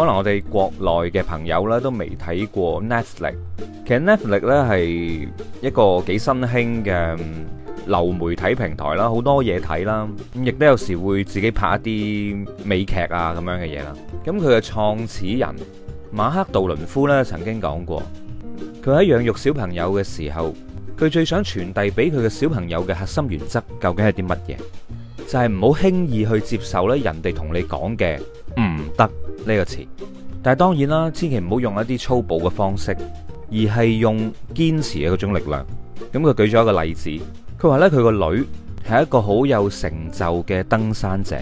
可能我哋國內嘅朋友咧都未睇過 Netflix。其實 Netflix 咧係一個幾新興嘅流媒體平台啦，好多嘢睇啦。咁亦都有時會自己拍一啲美劇啊咁樣嘅嘢啦。咁佢嘅創始人馬克杜倫夫咧曾經講過，佢喺養育小朋友嘅時候，佢最想傳遞俾佢嘅小朋友嘅核心原則究竟係啲乜嘢？就係唔好輕易去接受咧人哋同你講嘅。嗯。呢個詞，但係當然啦，千祈唔好用一啲粗暴嘅方式，而係用堅持嘅嗰種力量。咁佢舉咗一個例子，佢話呢，佢個女係一個好有成就嘅登山者，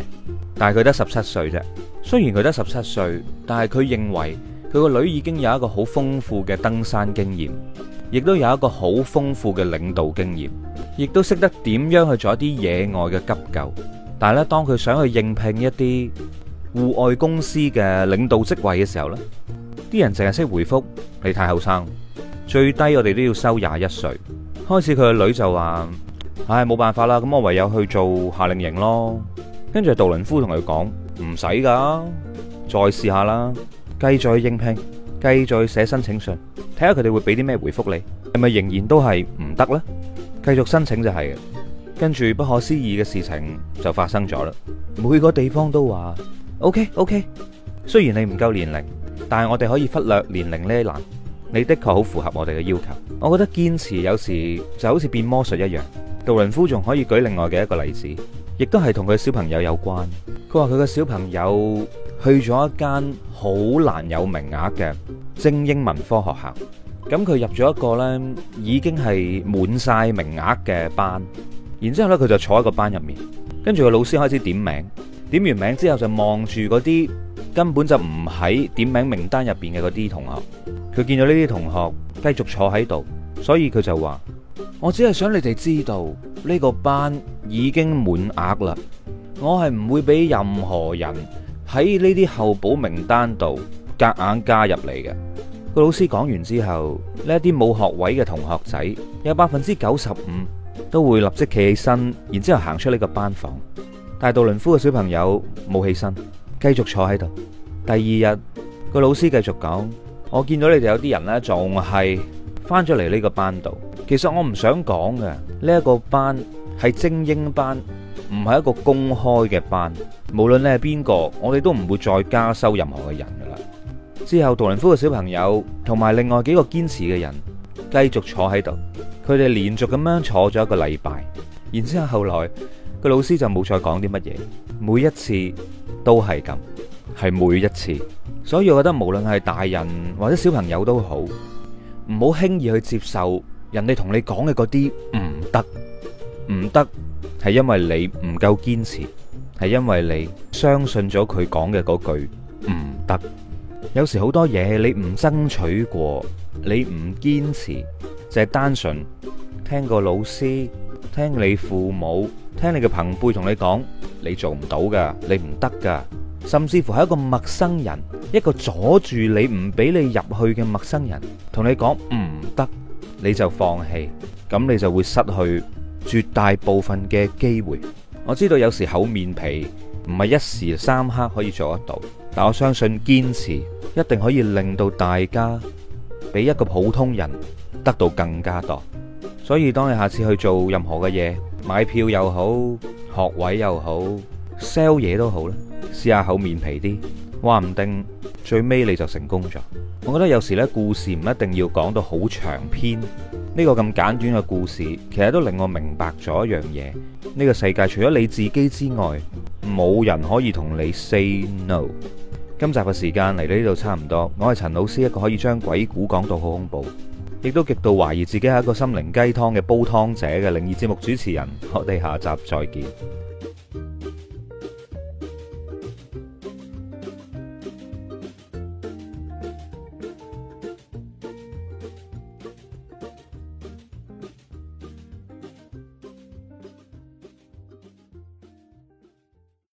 但係佢得十七歲啫。雖然佢得十七歲，但係佢認為佢個女已經有一個好豐富嘅登山經驗，亦都有一個好豐富嘅領導經驗，亦都識得點樣去做一啲野外嘅急救。但係咧，當佢想去應聘一啲戶外公司嘅領導職位嘅時候呢，啲人淨係識回覆你太後生，最低我哋都要收廿一歲。開始佢個女就話：，唉、哎，冇辦法啦，咁我唯有去做夏令營咯。跟住杜倫夫同佢講：，唔使噶，再試下啦，繼續去應聘，繼續寫申請信，睇下佢哋會俾啲咩回覆你，係咪仍然都係唔得呢？繼續申請就係。跟住不可思議嘅事情就發生咗啦，每個地方都話。O K O K，雖然你唔夠年齡，但係我哋可以忽略年齡呢一欄。你的確好符合我哋嘅要求。我覺得堅持有時就好似變魔術一樣。杜倫夫仲可以舉另外嘅一個例子，亦都係同佢小朋友有關。佢話佢嘅小朋友去咗一間好難有名額嘅精英文科學校。咁佢入咗一個咧已經係滿晒名額嘅班。然之後咧佢就坐喺個班入面，跟住個老師開始點名。點完名之後就望住嗰啲根本就唔喺點名名單入邊嘅嗰啲同學，佢見到呢啲同學繼續坐喺度，所以佢就話：我只係想你哋知道呢個班已經滿額啦，我係唔會俾任何人喺呢啲候補名單度夾硬加入嚟嘅。個老師講完之後，呢一啲冇學位嘅同學仔有百分之九十五都會立即企起身，然之後行出呢個班房。但係杜倫夫嘅小朋友冇起身，繼續坐喺度。第二日個老師繼續講：我見到你哋有啲人呢，仲係翻咗嚟呢個班度。其實我唔想講嘅，呢一個班係精英班，唔係一個公開嘅班。無論你係邊個，我哋都唔會再加收任何嘅人噶啦。之後杜倫夫嘅小朋友同埋另外幾個堅持嘅人繼續坐喺度，佢哋連續咁樣坐咗一個禮拜，然之後後來。個老師就冇再講啲乜嘢，每一次都係咁，係每一次，所以我覺得無論係大人或者小朋友都好，唔好輕易去接受人哋同你講嘅嗰啲唔得。唔得係因為你唔夠堅持，係因為你相信咗佢講嘅嗰句唔得。有時好多嘢，你唔爭取過，你唔堅持，淨係單純聽個老師。聽你父母、聽你嘅朋輩同你講，你做唔到㗎，你唔得㗎，甚至乎係一個陌生人，一個阻住你唔俾你入去嘅陌生人，同你講唔得，你就放棄，咁你就會失去絕大部分嘅機會。我知道有時厚面皮，唔係一時三刻可以做得到，但我相信堅持，一定可以令到大家比一個普通人得到更加多。所以，當你下次去做任何嘅嘢，買票又好，學位又好，sell 嘢都好咧，試下厚面皮啲，話唔定最尾你就成功咗。我覺得有時咧，故事唔一定要講到好長篇，呢個咁簡短嘅故事，其實都令我明白咗一樣嘢：呢個世界除咗你自己之外，冇人可以同你 say no。今集嘅時間嚟到呢度差唔多，我係陳老師，一個可以將鬼故講到好恐怖，亦都極度懷疑自己係一個心靈雞湯嘅煲湯者嘅靈異節目主持人，我哋下集再見。